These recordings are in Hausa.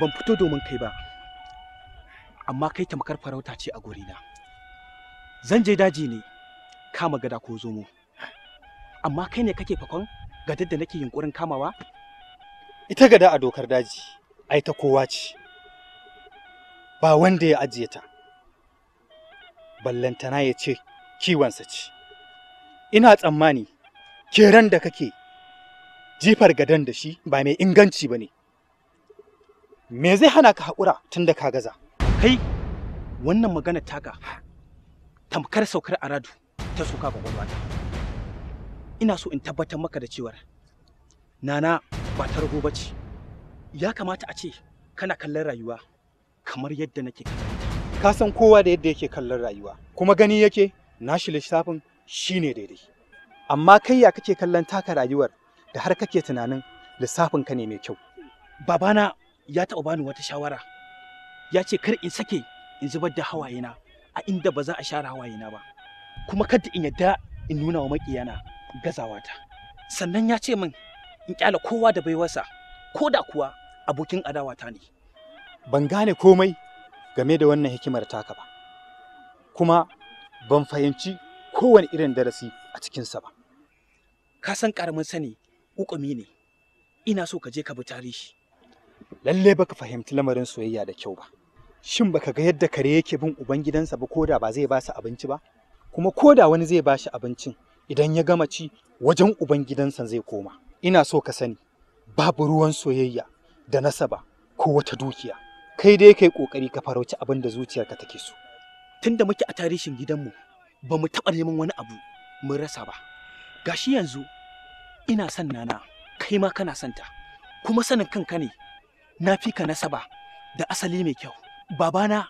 ban fito domin kai ba amma kai tamkar farauta ce a na. zan je daji ne kama gada ko zomo amma kai ne kake fakon gadar da nake yunkurin kamawa ita gada a dokar daji ai ta kowa ce ba wanda ya ajiye ta ballantana ya ce kiwonsa ce ina tsammani keran da kake jifar gadan da shi ba mai inganci ba ne me zai hana ka haƙura tun da ka gaza kai wannan magana taka tamkar saukar aradu ta soka gwamnati ina so in tabbatar maka da cewar nana ba ta rago ba ce ya kamata a ce kana kallon rayuwa kamar yadda nake kallon ka san kowa da yadda yake kallon rayuwa kuma gani yake nashi lissafin shine daidai amma kai ya kake kallon taka rayuwar da har kake tunanin lissafin ka ne mai kyau babana ya taɓa bani wata shawara ya ce kar in sake in zubar da hawayena a inda ba za a share hawayena ba kuma kada in yadda in nuna wa maƙiyana gazawata sannan ya ce min in kyala kowa da baiwarsa ko da kuwa abokin adawata ne ban gane komai game da wannan hikimar taka ba kuma ban fahimci kowane irin darasi a cikinsa ba ka san karamin sani ukumi ne ina so ka je ka bi tarihi lalle baka fahimci lamarin soyayya da kyau ba shin baka ga yadda kare yake bin ubangidansa ba koda ba zai ba su abinci ba kuma koda wani zai ba shi abincin idan ya gama ci wajen ubangidansa zai koma ina so ka sani babu ruwan soyayya da nasaba ko wata dukiya kai dai kai kokari ka farauci abin da zuciyarka take so tunda muke a tarihin gidanmu ba mu taɓa neman wani abu mun rasa ba gashi yanzu ina son nana kai ma kana santa kuma sanin kanka ne na fi ka nasaba da asali mai kyau babana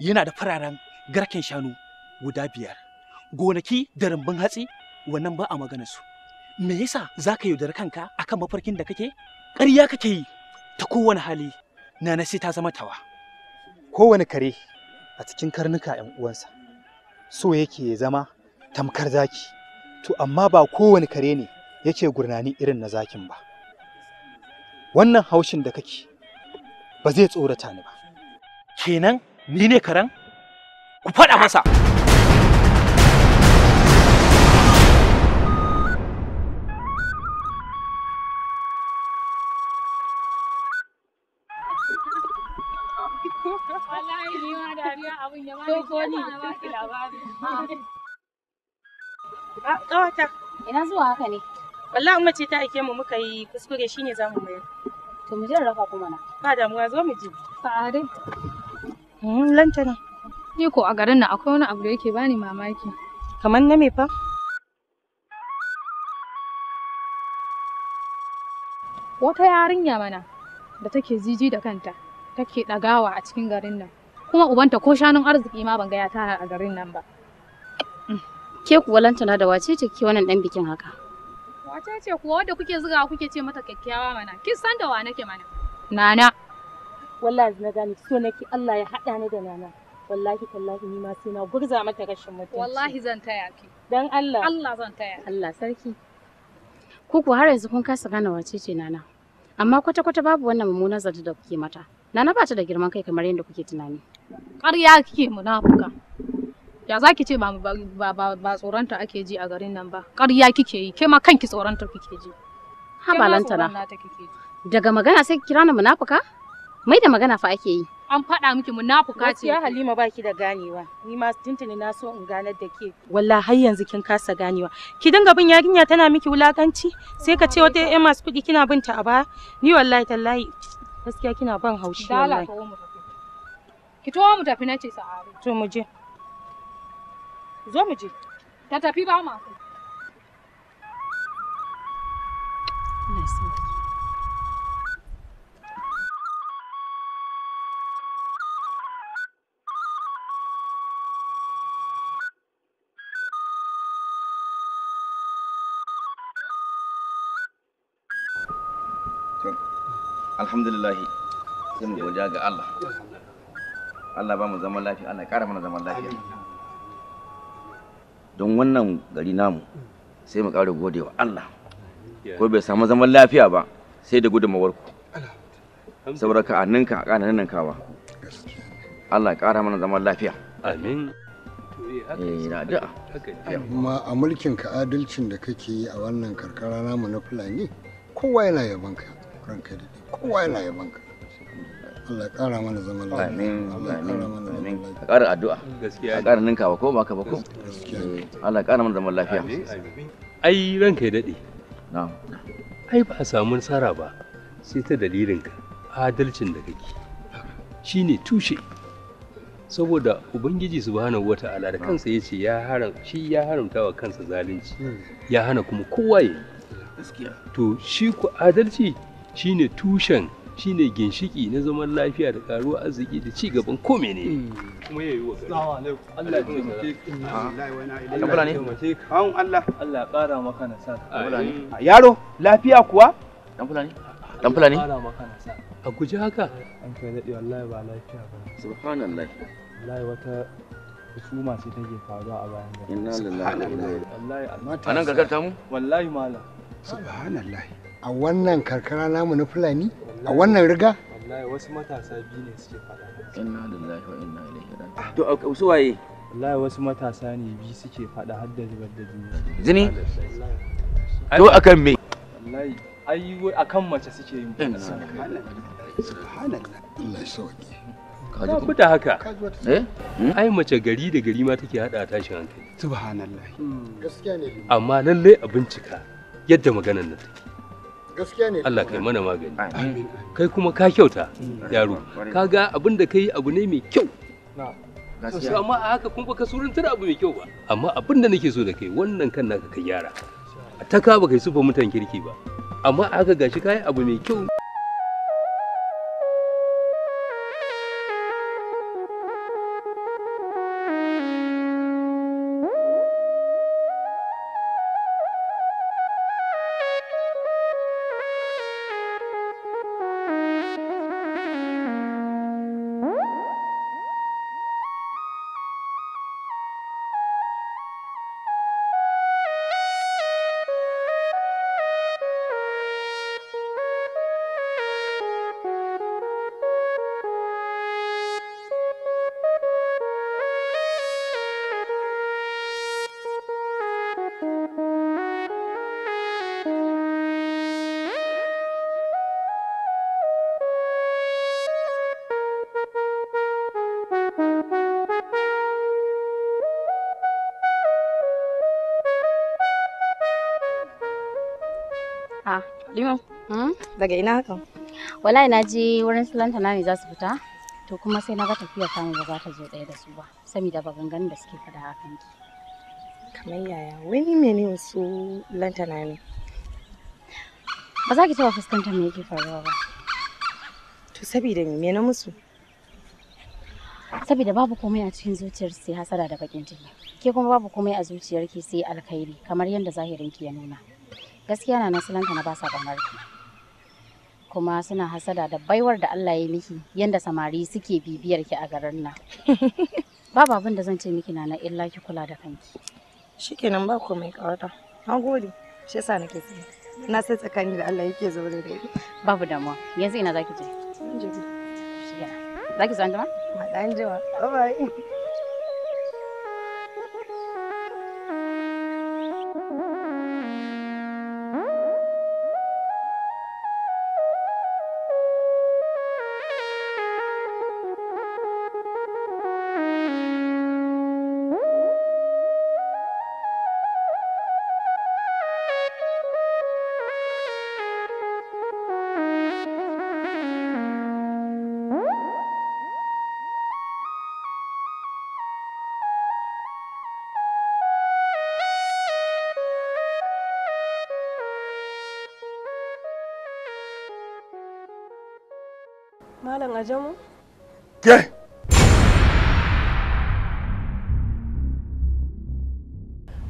yana da fararen garken shanu guda biyar gonaki da rumbun hatsi wannan ba a magana su me yasa za ka yaudari kanka akan mafarkin da kake ƙarya kake yi ta kowane hali na nasi ta zama tawa kowane kare a cikin karnuka yan uwansa so yake ya zama tamkar zaki to amma ba kowane kare ne yake gurnani irin na zakin ba wannan haushin da kake ba zai tsorata ni ba kenan ni ne karan ku faɗa masa Ƙawata. Ina zuwa haka ne. Wallahi mace ta aike mu muka yi kuskure shine zamu mayar. To mu je in raka kuma na. Ba damuwa zo mu je. Sa'a dai. Hmm, lantana. Ni ko a garin nan akwai wani abu da yake bani mamaki. Kamar na me fa? Wata yarinya mana da take jiji da kanta take ɗagawa a cikin garin nan. Kuma ubanta ko shanun arziki ma ban ga ya tara a garin nan ba. Mm. Ke kuwa lantana da wace ce wannan ɗan bikin haka? Wace ce kuwa wadda kuke zuga kuke ce mata kyakkyawa mana? Kin san da wa nake mana? Nana. Wallahi na gane so nake Allah ya haɗa ni da Nana. Wallahi tallahi ni ma sai na gurza mata rashin mutunci. Wallahi zan taya ki. Dan Allah. Allah zan taya. Allah sarki. Kuku har yanzu kun kasa gane wace ce Nana. Amma kwata kwata babu wannan mummunan zato da kuke mata. Nana ba ta da girman kai kamar yadda kuke tunani. Ƙarya kike munafuka. Ya za ki ce ba ba tsoronta ake ji a garin nan ba. Ƙarya kike yi, ke ma kanki tsoronta kike ji. Ha balanta na. Daga magana sai kira ni munafuka? Mai da magana fa ake yi. An faɗa miki munafuka ce. ya Halima baki da ganewa. Ni ma tuntuni na so in ganar da ke. Wallahi har yanzu kin kasa ganewa. Ki dinga bin yarinya tana miki wulakanci sai ka ce wata ƴan masu kuɗi kina binta a baya. Ni wallahi tallahi gaskiya kina ban haushi wallahi. Ki towa mu tafi na ce To mu je. zo mu je ta tafi ba ma ku alhamdulillahi sai mu ga Allah Allah ba mu zaman lafiya Allah ya ƙara mana zaman lafiya don wannan gari namu sai mu ƙara gode wa Allah ko bai samu zaman lafiya ba sai da gudunmawar ku saboda ka anninka a ƙananan nan kawa Allah ya ƙara mana zaman lafiya amin eh, eh, amma a mulkin ka adalcin da kake yi a wannan karkara namu na fulani kowa yana yabanka ranka da kowa yana yabanka Allah ya ƙara mana zaman lafiya. Amin. Amin. A ƙara addu'a. Gaskiya. A ƙara ninkawa ko ba ka ba ko? Allah ya ƙara mana zaman lafiya. Ai ranka ya daɗe. Na'am. Ai ba a samu nasara ba sai ta dalilinka adalcin da kake. ne tushe. saboda ubangiji subhanahu wata'ala da kansa ya ce ya haram shi ya haramta wa kansa zalunci hmm. ya hana kuma kowa ya to shi ku adalci shine tushen shine ginshiki na zaman lafiya da karuwa arziki da ci gaban ko mene hmm. kuma yayi wa gari Allah ya taimake ka Allah ya taimake ka Allah Allah kara maka nasara yaro lafiya kuwa dan fulani dan fulani kara maka nasara a guji haka an kai dade wallahi ba lafiya ba subhanallah wallahi wata husuma ce take faruwa a bayan gari inna lillahi wa inna ilaihi raji'un anan karkar mu wallahi malam subhanallah a wannan karkara namu na fulani a wannan riga wallahi wasu matasa biyu ne suke faɗa inna lillahi wa inna ilaihi raji'un ah, to a uh, su waye wallahi wasu matasa ne biyu suke faɗa har da zubar da jini jini to akan me wallahi ai akan mace suke yin fada. subhanallah Allah ya sauke ka fita haka eh hmm? ai mace gari da gari ma take hada tashin hankali subhanallah hmm. gaskiya ne amma lalle a bincika yadda maganar nan take Allah kai mana magani kai kuma ka kyauta yaro mm. ga abin da kai abu ne mai kyau gaskiya amma a haka kun baka suruntar abu mai kyau ba amma abin da nake so da kai wannan kan naka kai yara ta ka baka yi sufa mutan kirki ba amma a haka gashi kayi abu mai kyau hmm? daga ina haka? Wallahi na je wurin sulanta na ne za su fita, to kuma sai na ga tafiya samu ba za ta zo ɗaya da su ba, sami ba ganin da suke fada a kanki. Kamar yaya, wani mene su lanta na ne? Ba za ki taɓa fuskantar me yake faruwa ba. To saboda me na musu? Saboda babu komai a cikin zuciyar sai hasada da bakin ciki. Ke kuma babu komai a zuciyarki sai alkhairi kamar yadda zahirinki ya nuna. gaskiya na nasulanta na ba sa kamar ki kuma suna hasada da baiwar da Allah ya miki yanda samari suke bibiyar ki a garin nan babu abin da zan ce miki na illa ki kula da kanki shikenan ba ko mai kawata nagode shi yasa nake tsaye na sai tsakani da Allah yake zaune da ni babu damuwa yanzu ina zaki je zaki zo anjima ma dan jima bye bye Malam Ajamu? Ke!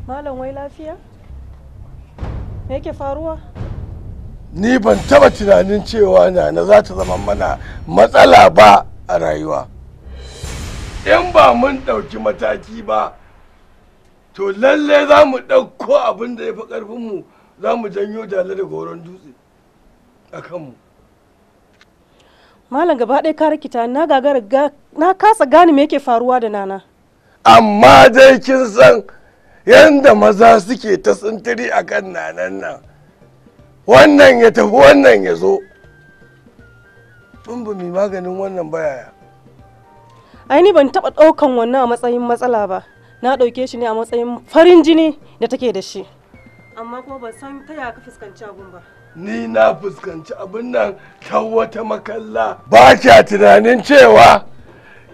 Malam wai lafiya? Me yake faruwa? Ni ban taba tunanin cewa na za ta zama mana matsala ba a rayuwa. In ba mun ɗauki mataki ba, to lalle za mu ɗauko abin da ya fi ƙarfinmu za mu janyo jale da goron dutse a kanmu. malam gaba ɗaya ka rikita na gagara na kasa gane me yake faruwa da nana amma dai kin san yanda maza suke ta sintiri kan nanan nan wannan ya tafi wannan ya zo ba mai maganin wannan bayaya ai ni ban taɓa ɗaukan wannan a matsayin matsala ba na ɗauke shi ne a matsayin farin jini da take da shi amma kuma ban san ta ya ka fuskanci abun ba ni na fuskanci abin nan ta wata makalla ba kya tunanin cewa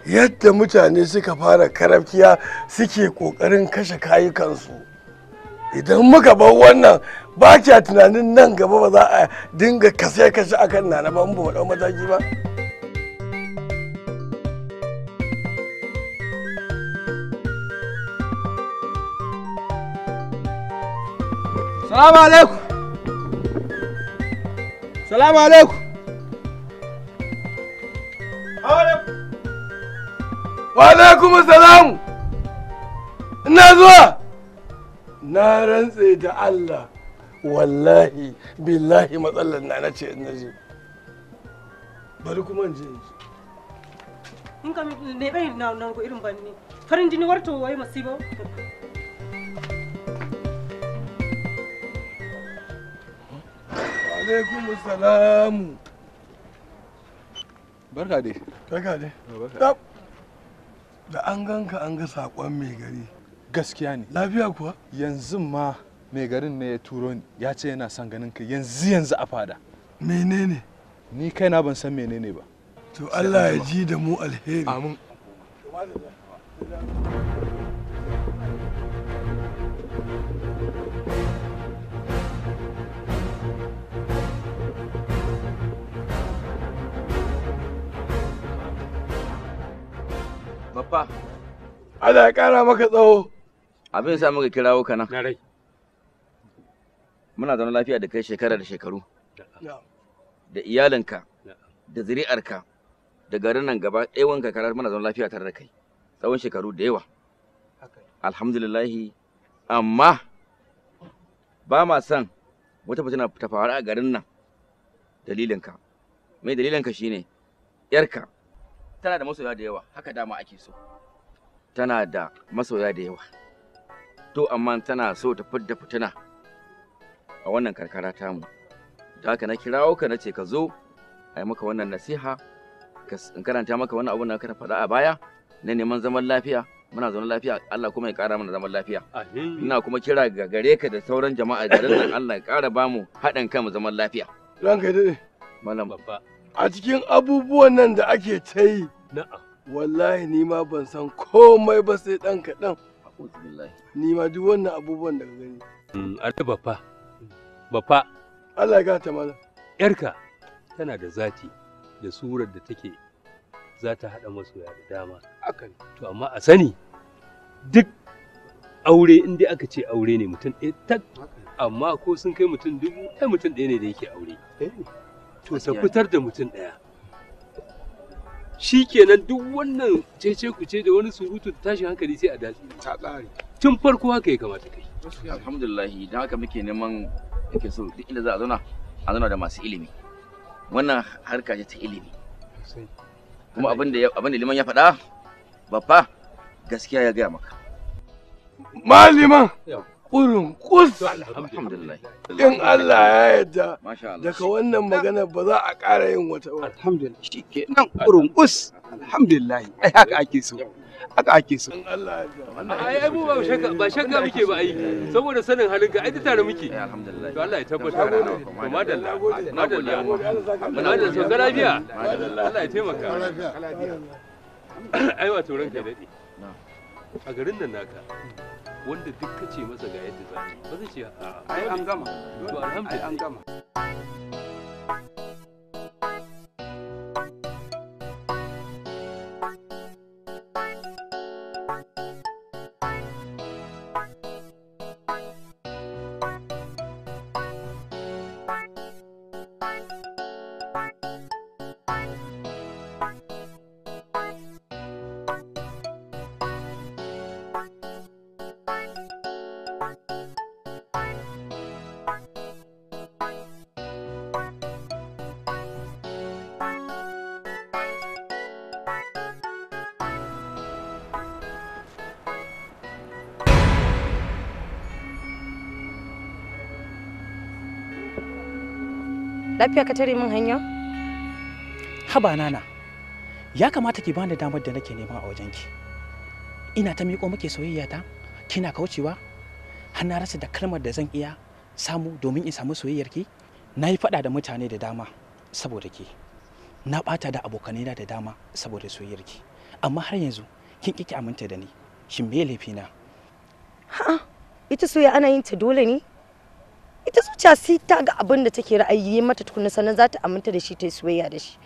yadda mutane suka fara karafkiya suke ƙoƙarin kashe kayukansu idan muka bar wannan ba kya tunanin nan gaba ba za a dinga kashe-kashe akan nana ba mu ba mataki ba salamu alaikum salamu alaikum wa alaikum salamu ina zuwa na rantse da allah wallahi billahi matsalar na na ce na je bari kuma in je in ka me bai na irin banni farin jini warto wai masiba alaikum salamu barka dai barka dai da an ganka an ga sakon mai gari gaskiya ne lafiya kuwa yanzu ma mai garin ne ya turo ni ya ce yana son ganin ka yanzu yanzu a fada menene ni kai na ban san menene ba to Allah ya ji da mu alheri amin Baffa. Allah ya kara maka tsawo. Abin ya sa muka kirawo ka nan. rai. Muna zaune lafiya da kai shekara da shekaru. Da iyalinka, da zuri'arka, da garin nan gaba ɗaya wanka karar muna zaune lafiya tare da kai. Tsawon shekaru da yawa. Alhamdulillahi, amma ba ma son wata fitina ta faru a garin nan dalilinka. Mai dalilinka shine, ‘yarka tana da masoya da yawa haka dama ake so tana da masoya da yawa to amma tana so ta fidda fitina a wannan karkara tamu da haka na kirawo ka na ce ka zo a yi maka wannan nasiha in karanta maka wannan abun da ka faɗa a baya na neman zaman lafiya muna zaman lafiya Allah kuma ya kara mana zaman lafiya ina kuma kira ga gare ka da sauran jama'a da nan Allah ya ƙara ba mu haɗin kanmu zaman lafiya ranka dai malam babba a cikin abubuwan nan da ake ta Na'am. Wallahi ni ma ban san komai ba sai dan kaɗan. Ni ma duk wannan abubuwan da ka gani. Mm, Ada bafa. Bafa. Allah ya ta mana. Yarka tana da zati da surar da take za ta haɗa masoya da dama. Akan. To amma a sani duk aure in dai aka ce aure ne mutum ɗaya tak amma ko sun kai mutum dubu kai mutum ɗaya ne da yake aure. To sa fitar da mutum ɗaya. shi kenan duk wannan cece ku ce da wani surutu tashin hankali sai a dace ta tsari tun farko haka ya kamata kai alhamdulillah idan haka muke neman yake so duk inda za a zauna a zauna da masu ilimi wannan harka ce ta ilimi kuma abin da liman ya faɗa babba gaskiya ya gaya maka maliman kurin kus alhamdulillah in Allah ya yarda daga wannan magana ba za a ƙara yin wata ba alhamdulillah shike nan kurin kus alhamdulillah ai haka ake so haka ake so in Allah ya yarda ai ai ba shakka ba shakka muke ba ai saboda sanin halinka ai tare muke eh, alhamdulillah to Allah ya tabbata tabbatar to madalla madalla madalla so ga lafiya Allah ya taimaka ai wato ranka dade a garin nan naka wanda duk ka ce masa ga yadda za ba zai ce a'a ai an gama to alhamdulillah an gama lafiya ka tare min hanya haba nana ya kamata ki bani damar da nake nema a wajenki ina ta miƙo muke soyayya ta kina kaucewa har na rasa da kalmar da zan iya samu domin in samu soyayyarki na yi faɗa da mutane da dama saboda ki na ɓata da abokanina da dama saboda soyayyarki amma har yanzu kin kike aminta da ni shin me laifina ha ita soyayya ana yin ta dole ne ta zuciya sai ta ga abin da take ra'ayi mata tukunna sannan za ta aminta da shi ta yi soyayya da shi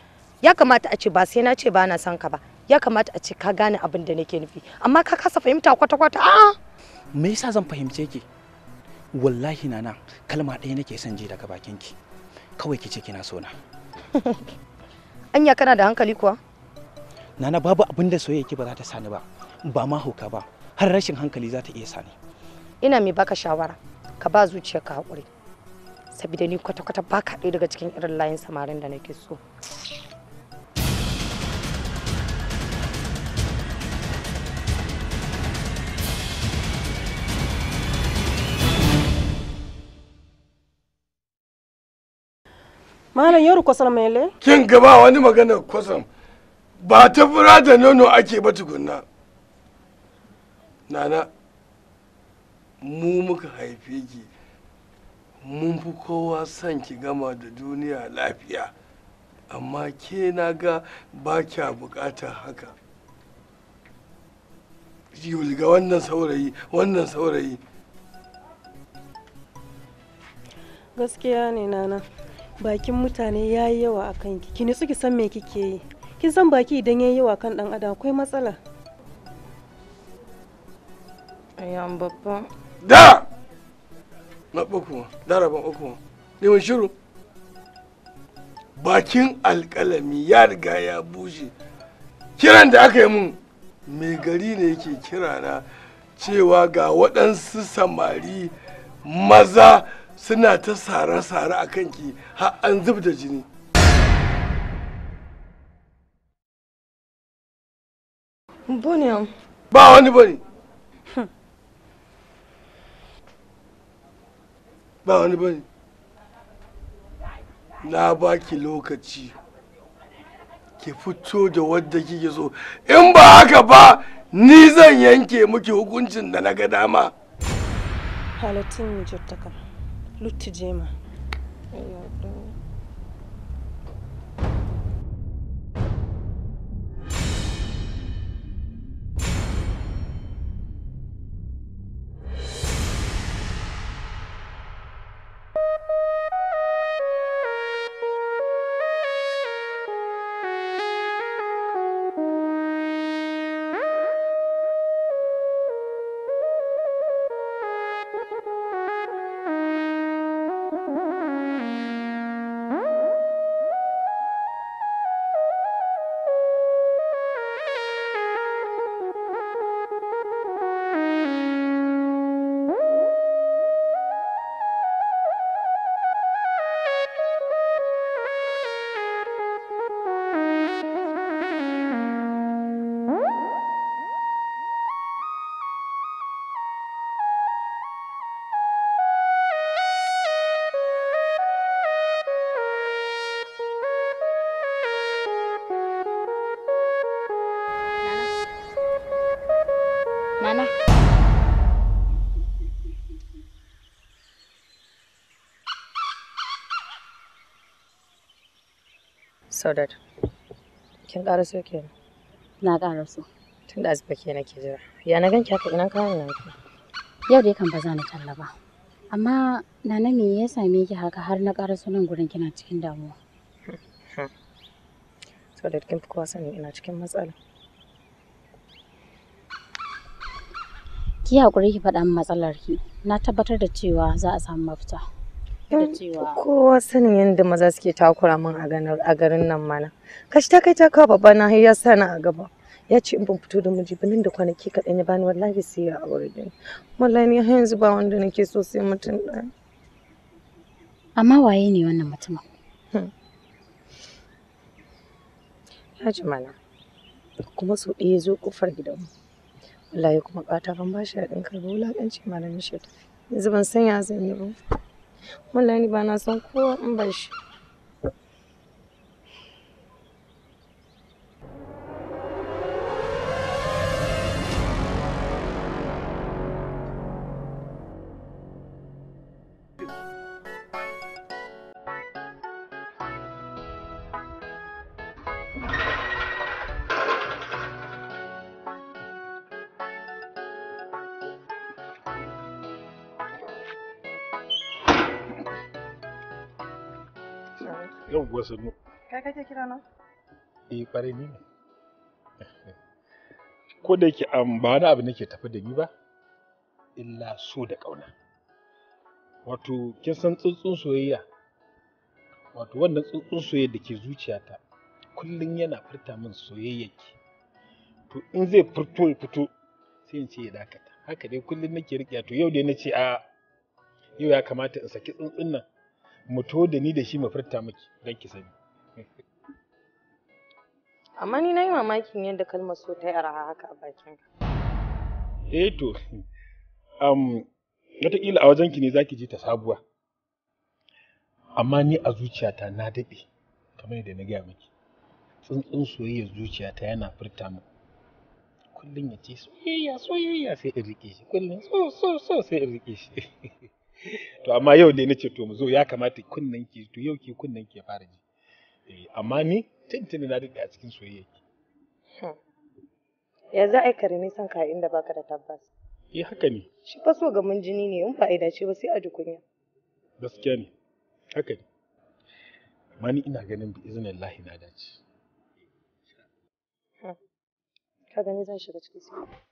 ya kamata a ce ba sai na ce ba na son ka ba ya kamata a ce ka gane abin da nake nufi amma ka kasa fahimta kwata kwata a me yasa zan fahimce ki wallahi nana kalma ɗaya nake son ji daga bakin ki kawai ki ce kina sona. anya kana da hankali kuwa nana babu abin da soyayya ki ba za ta sani ba ba ma hauka ba har rashin hankali za ta iya sani ina mai baka shawara ka ba zuciyarka hakuri saboda ni kwata-kwata ba ka daga cikin irin layin samarin da nake so Malam yaro kwasar mele? Kin gaba wani magana kwasam ba ta fura da nono ake ba tukunna. Nana, mu muka haife ki mun fi kowa son ki gama da duniya lafiya amma ke na ga ba kya bukata haka ga wannan saurayi wannan saurayi gaskiya ne nana bakin mutane ya yi yawa a kanki ki nitsu ki san me kike yi kin san baki idan ya yi yawa kan dan adam akwai matsala ayyan babba da na bakin alƙalami ya riga ya bushe kiran da aka yi mun mai gari ne yake kirana cewa ga waɗansu samari maza suna ta sare-sare a kanki har an zub da jini Bunyan. Ba wani bane. ba wani ba ne na baki lokaci ki fito da wadda kike so in ba haka ba ni zan yanke miki hukuncin da na ga dama halattun jirtaka lutti jema Saudat, kin ƙara so ke Na ƙara so. Tun da azuba ke jira. Ya na ganki haka ina kayan ke. Yau dai kan ba za ni talla ba. Amma nana me ya same ki haka har na ƙara sunan gurin kina cikin damuwa? Saudat kin fi kowa sani ina cikin matsala. Ki haƙuri ki faɗa min matsalar ki. Na tabbatar da cewa za a samu mafita. cewa kowa sanin yadda maza suke takura min a garin nan mana kashi ta kai ta kawo babba na har ya sa na a gaba ya ce in ban fito da miji nan da kwanaki kaɗan ya bani wallahi sai ya aure ni wallahi ni har yanzu ba wanda nake so sai mutum ɗaya amma waye ne wannan mutumin ya hmm. ji mana kuma sau ɗaya zo kofar gidanmu wallahi kuma ƙata ban ba shi haɗin karɓi wulaƙanci malamin shi yanzu ban san ya zan yi ba wallahi ba na san kowa in ba shi Yau kuwa sannu. Kai kake kira na? Eh ni ne. Ko da yake ba wani abu nake tafi da ni ba, illa so da ƙauna. Wato kin san tsuntsun soyayya. Wato wannan tsuntsun soyayya da ke zuciyata kullum yana furta min soyayyaki ki. To in zai furto ya fito sai in ce ya dakata. Haka dai kullum nake riƙe to yau dai na ce a yau ya kamata in saki tsuntsun nan. mu da ni da shi mu furta miki don ki sani amma ni na yi mamakin yadda kalmar so ta yi araha haka a bakin ka eh to um wataƙila a wajen ki ne zaki ji ta sabuwa amma ni a zuciyata na daɗe kamar yadda na gaya miki tsuntsun soyayya zuciyata yana furta min kullum ya ce soyayya soyayya sai in rike shi kullum so so so sai in rike shi to amma yau dai nace to mu zo ya kamata kunnen ki to yau ki kunnen ki ya fara ji eh amma ni tintini na dade a cikin soyayya ki hmm. ya za a karimi san ka inda baka da tabbas eh haka ne shi fa so ga mun jini ne in fa'ida ce ba sai a ji kunya gaskiya ne haka ne amma ni ina ganin bi izinin lahi na dace hmm. ka gani zan shiga cikin soyayya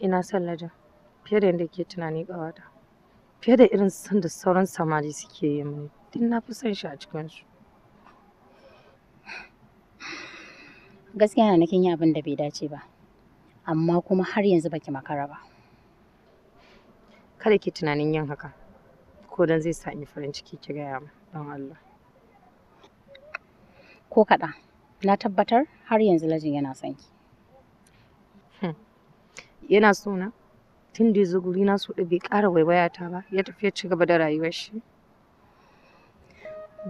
ina son lajin fiye da yadda ke tunani ƙawata fiye da irin son da sauran samari suke yi mini duk na fi son shi a cikin su. gaskiya na nakin yi abin da bai dace ba amma kuma har yanzu baki makara ba kada ki tunanin yin haka ko dan zai sa in farin ciki ki gaya min don Allah ko kaɗan na tabbatar har yanzu lajin yana son ki yana so na tun da ya guri na so bai ƙara ta ba ya tafi ya ci gaba da rayuwar shi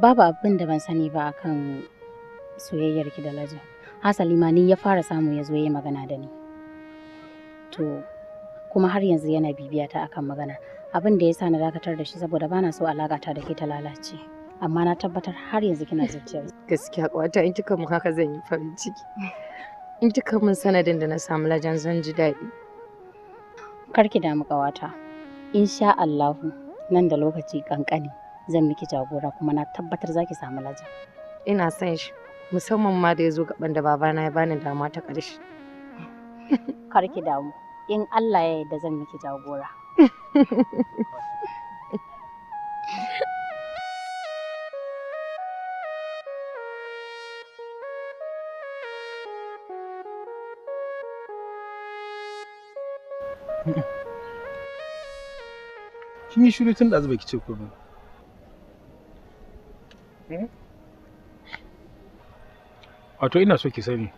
babu abin da ban sani ba akan soyayyar ki da Laja hasali ma ni ya fara samu ya zo ya magana da ni to kuma har yanzu yana bibiya ta akan magana abin da ya sa na dakatar da shi saboda bana so ta da ke ta lalace amma na tabbatar har yanzu kina zuciya gaskiya kwata in kika mun haka zan yi farin ciki in kika mun sanadin da na samu lajan zan ji daɗi karki damu ƙawata. Insha Allahu nan da lokaci kankani zan miki jagora kuma na tabbatar zaki samu laja. Ina son shi musamman ma da ya zo gaban da babana ya bani dama ta ƙarshe. Kar damu. In Allah ya yarda zan miki jagora. Kin yi shiru tun da azuba ki ce ko ba. Hmm? Wato ina so ki sani.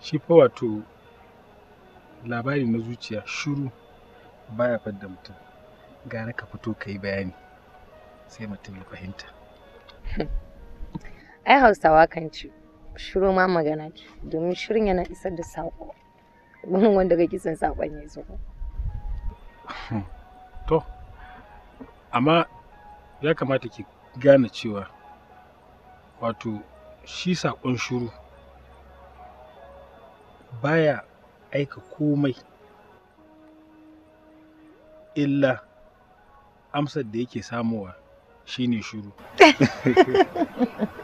Shi fa wato labari na zuciya shiru baya fadda mutum. Gara ka fito ka yi bayani sai mutum ya fahimta. Ai Hausawa kan ci shiru ma magana ce domin shirin yana isar da saƙo. ban wanda kake son sakon ya zo to amma ya kamata ki gane cewa wato shi sakon shuru baya aika komai illa amsar da yake shi shine shuru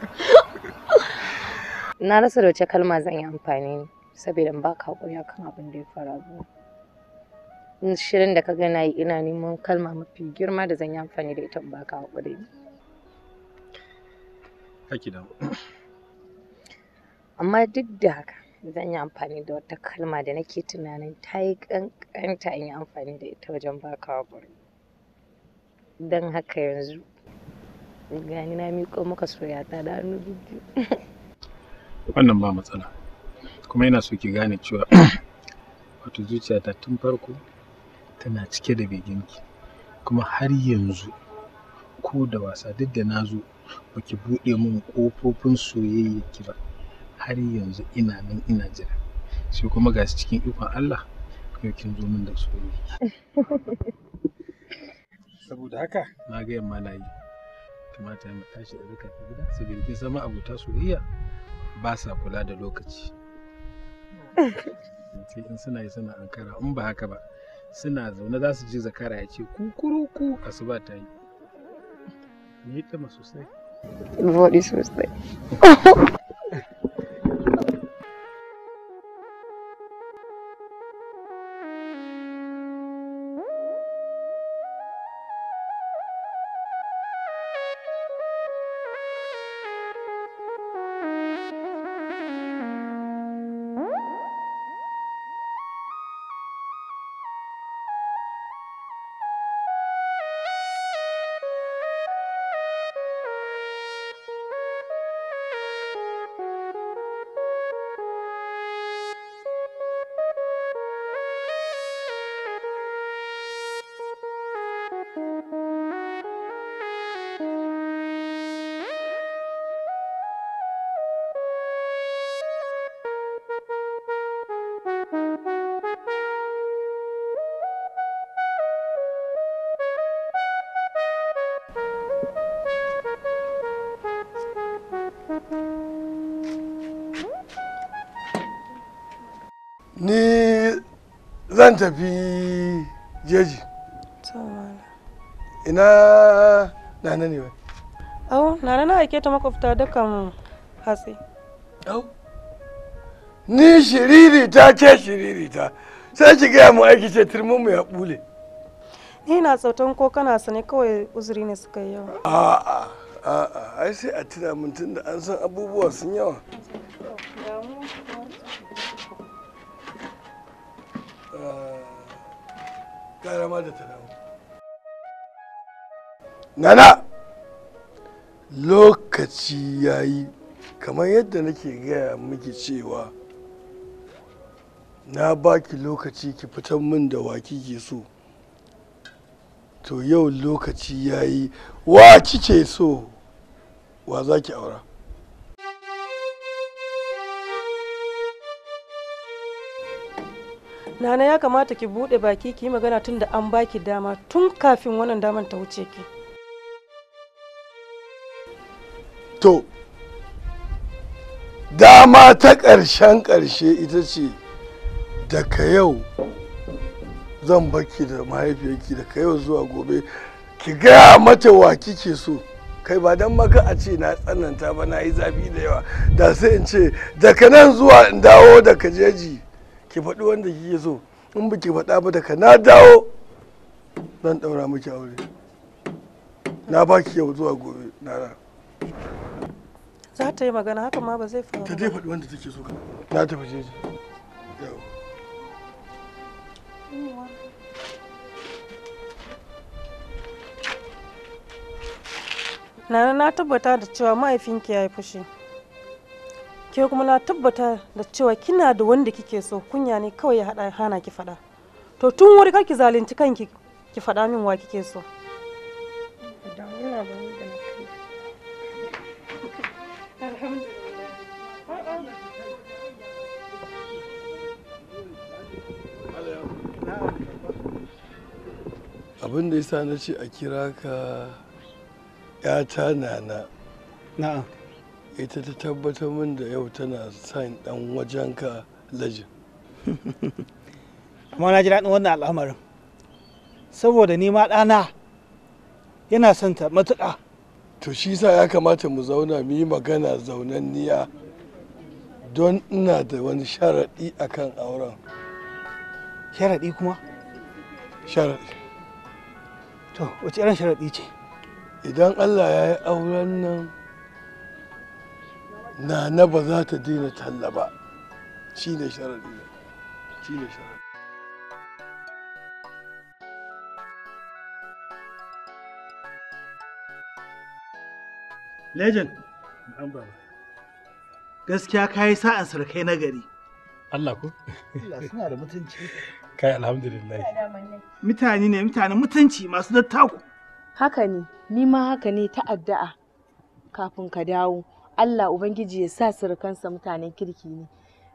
na rasa da wace kalma zan yi amfani ne saboda ba ka hakuri akan abin da ya faru in shirin da ka ga yi ina neman kalma mafi girma da zan yi amfani da ita in baka hakuri kaki da amma duk da haka zan yi amfani da wata kalma da nake tunanin ta yi kankanta in yi amfani da ita wajen baka hakuri don haka yanzu gani na miƙo maka soyata da hannu biyu wannan ba matsala kuma yana so ki gane cewa wato zuciyata tun farko tana cike da beginki kuma har yanzu ko da wasa duk da na zo ba ki buɗe min ƙofofin soyayyaki ba har yanzu ina nan ina jira sai kuma ga cikin ikon Allah yau kin zo min da soyayya saboda haka na ga yamma na yi kamata na tashi da rika gida saboda kin san ma abota soyayya ba sa kula da lokaci sai in suna yi suna ankara in ba haka ba suna zaune za su ji zakara ya ce kukuruku asuba ta yi ni ta sosai zan tafi jeji ina nana ne wai au nana na aike ta makwabta dukkan hatsi au ni shiriri ta ce shiriri sai ki gaya mu aiki ce turmin mu ya bule ni na sautan ko kana sane kawai uzuri ne suka yi yawa a'a a'a ai sai a tuna mun tunda an san abubuwa sun yawa nana lokaci ya yi kamar yadda nake gaya miki cewa na baki lokaci ki fitar min da waki ke so to yau lokaci ya yi wa kike so wa za ki aura nana ya kamata ki bude baki ki yi magana tun da an baki dama tun kafin wannan daman ta wuce ki to dama ta ƙarshen ƙarshe ita ce daga yau zan baki da mahaifiyarki daga yau zuwa gobe ki gaya mata wa kike so kai ba don maka a ce na tsananta ba na yi zafi da yawa da sai in ce daga nan zuwa in dawo daga jeji ki faɗi wanda kike so in ba ki faɗa ba daga na dawo zan ɗaura miki aure na ba ki yau zuwa gobe na ra za ta yi magana haka ma ba zai faru ta dai faɗi wanda take so ka na tafi jeji yau Nana na tabbata da cewa mahaifinki ya yi fushi. ke kuma na tabbata da cewa kina da wanda kike so kunya ne kawai ya hada hana ki fada to tun wuri kar ki zalunci kanki ki fada min wa kike so abin da ya sa na ce a kira ka 'yata nana na'am ita ta tabbatar min da yau tana son dan wajenka lajin amma na ji daɗin wannan al'amarin saboda nima ɗana yana son ta matuƙa to shi sa ya kamata mu zauna mu yi magana zaunanniya don ina da wani sharaɗi a kan auren sharaɗi kuma sharaɗi to wace irin sharaɗi ce idan allah ya yi auren nan nana ba za ta daina talla ba shi ne sharadi ne shi ne sharadi Legend, Gaskiya ka yi sa'an sarkai na gari. Allah ku? Allah suna da mutunci. Kai alhamdulillah. Mutane ne mutane mutunci masu dattako. Haka ne, ni ma haka ne ta addu'a kafin ka dawo. Allah Ubangiji ya sa surukansa mutanen kirki ne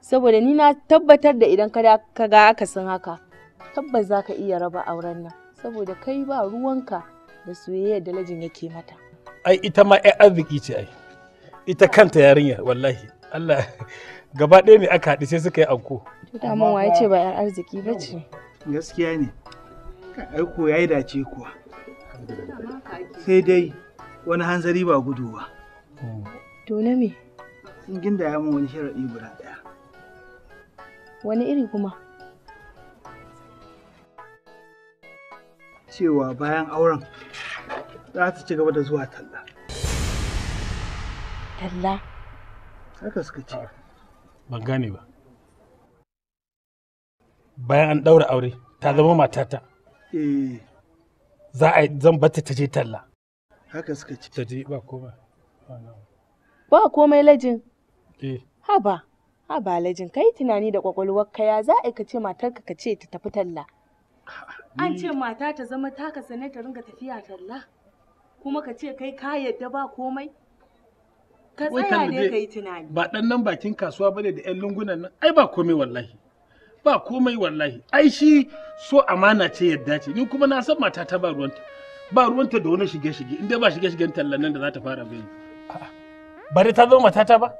saboda ni na tabbatar da idan ka ga akasin haka tabbas za ka iya raba auren nan saboda kai ba ruwanka da soyayya da lajin yake mata ai ita ma ai arziki ce ai ita kanta yarinya wallahi Allah gaba ɗaya ne aka haɗu sai suka yi anko da wa waye ce ba yar arziki ba ce gaskiya ne ai ko yayi dace kuwa sai dai wani hanzari ba gudu ba hmm. To na me? Sun ginda ya min wani sharaɗi guda ɗaya. Wani iri kuma? Cewa bayan auren za ta ci gaba da zuwa talla. Talla? Haka suka ce. Ban gane ba. Bayan an ɗaura aure, ta zama matata. Eh. Za a zan bata ta je talla. Haka suka ce. Ta je ba koma. Ba ba komai lajin eh. haba haba lajin kai tunani da kwakwalwar kaya za a ka ce matarka ka ce ta tafi talla an ce mata ta zama taka sane ta ringa tafiya talla kuma ka ce kai ka yadda ba komai ka tsaya ne ka yi tunani ba dan nan bakin kasuwa bane da yan lungunan nan ai ba komai wallahi ba komai wallahi ai shi so amana ce yadda ce ni kuma na san mata ta ba ruwanta ba ruwanta da wani shige-shige inda ba shige-shigen tallan nan da za ta fara bayani bari ta zo matata ba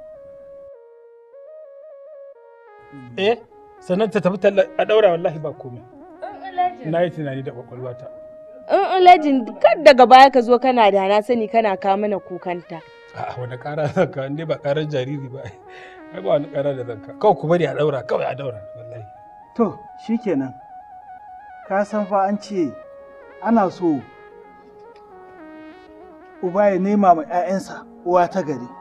mm. eh sannan ta tafi talla a daura wallahi ba komai na yi tunani da kwakwalwata in ulajin kar daga baya ka zo kana da na sani kana ka mana kukanta a'a wani kara zan ka ne ba karar jariri ba ai ba wani kara da zan kawai ku bari a daura kawai a daura wallahi to shikenan ka san fa an ce ana so uba ya nema ma 'ya'yansa uwa ta gari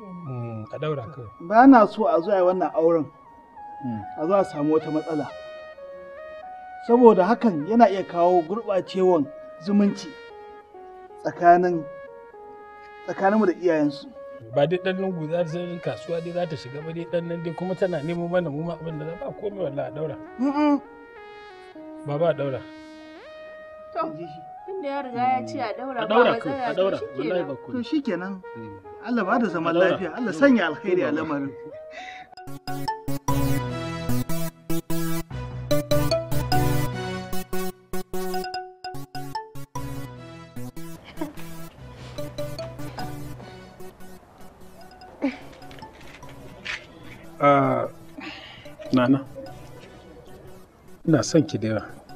Mm, ka daura kawai ba na so a zuwa wannan auren mm. a zuwa samu wata matsala saboda hakan yana iya kawo gurɓacewan zumunci tsakanin tsakaninmu da iyayensu ba dai dan lungu za ta sanin kasuwa dai za ta shiga ba dai dan nan dai kuma tana nemo mana mu abin da za ba komai wallahi a daura ba ba daura to inda ya riga ya ce a daura ba matsala to shikenan a daura wallahi ba to shikenan mm. Allah ba da zaman lafiya Allah sanya alkhairi a lamarin ah, Nana, ina son ki da yawa.